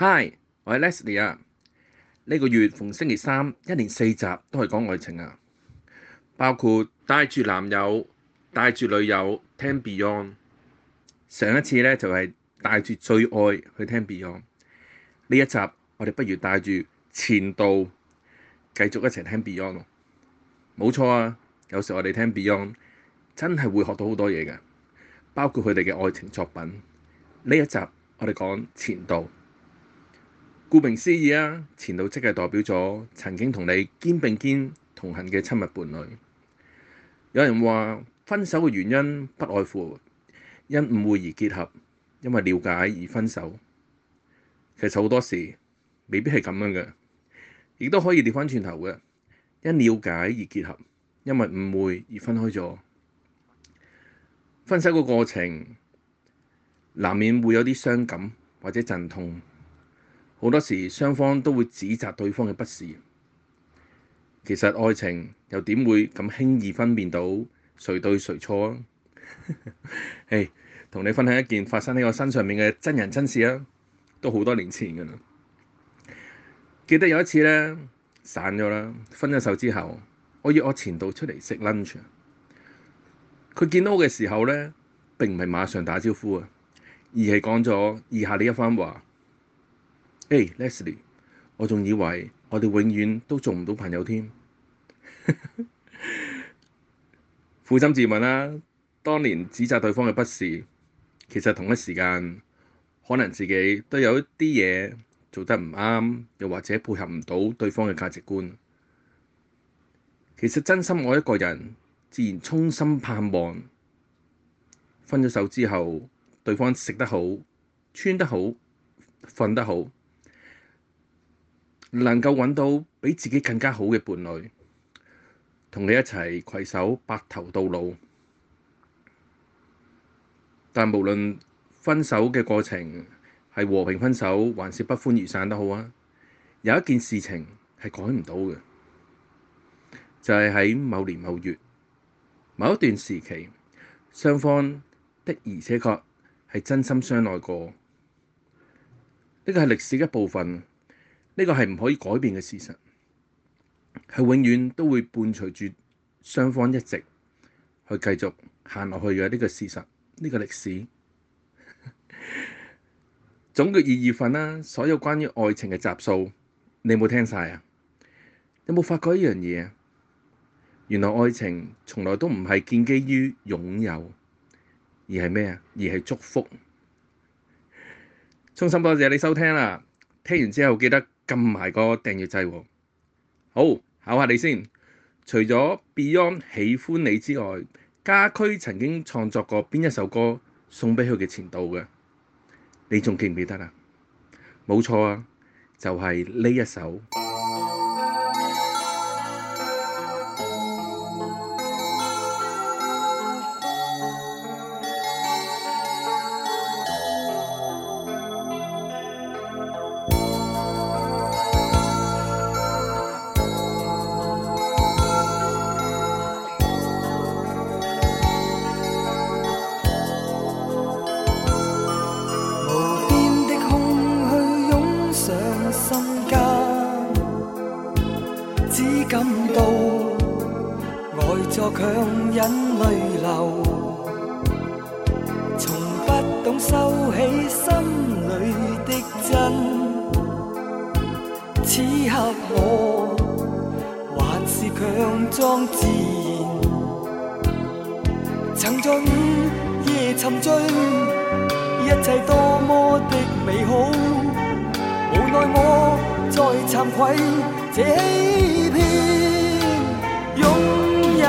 Hi，我係 Leslie 啊。呢個月逢星期三，一連四集都係講愛情啊，包括帶住男友、帶住女友聽 Beyond。上一次咧就係、是、帶住最愛去聽 Beyond。呢一集，我哋不如帶住前度繼續一齊聽 Beyond。冇錯啊，有時我哋聽 Beyond 真係會學到好多嘢嘅，包括佢哋嘅愛情作品。呢一集我哋講前度。顧名思義啊，前度即係代表咗曾經同你肩並肩同行嘅親密伴侶。有人話分手嘅原因不外乎因誤會而結合，因為了解而分手。其實好多事未必係咁樣嘅，亦都可以調翻轉頭嘅。因了解而結合，因為誤會而分開咗。分手個過程難免會有啲傷感或者陣痛。好多時雙方都會指責對方嘅不是。其實愛情又點會咁輕易分辨到誰對誰錯啊？同 你分享一件發生喺我身上面嘅真人真事啊，都好多年前㗎啦。記得有一次咧，散咗啦，分咗手之後，我約我前度出嚟食 lunch，佢見到我嘅時候咧，並唔係馬上打招呼啊，而係講咗以下呢一番話。誒、Hey，Leslie，我仲以為我哋永遠都做唔到朋友添。撫 心自問啦、啊，當年指責對方嘅不是，其實同一時間可能自己都有一啲嘢做得唔啱，又或者配合唔到對方嘅價值觀。其實真心愛一個人，自然衷心盼望分咗手之後，對方食得好、穿得好、瞓得好。能夠揾到比自己更加好嘅伴侶，同你一齊携手白頭到老。但無論分手嘅過程係和平分手還是不歡而散都好啊，有一件事情係改唔到嘅，就係喺某年某月某一段時期，雙方的而且確係真心相愛過，呢個係歷史嘅一部分。呢個係唔可以改變嘅事實，係永遠都會伴隨住雙方一直去繼續行落去嘅，呢、這個事實，呢、這個歷史。 總結二月份啦，所有關於愛情嘅集數，你有冇聽晒啊？有冇發覺一樣嘢啊？原來愛情從來都唔係建基於擁有，而係咩啊？而係祝福。衷心多謝你收聽啦，聽完之後記得。撳埋個訂閱掣。哦，好，考下你先。除咗 Beyond 喜歡你之外，家駒曾經創作過邊一首歌送俾佢嘅前度嘅？你仲記唔記得啊？冇錯啊，就係、是、呢一首。我還是強裝自然，曾在午夜沉醉，一切多麼的美好，無奈我再慚愧這欺騙擁有。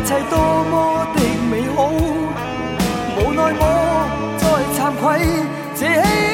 一切多麼的美好，無奈我再慚愧這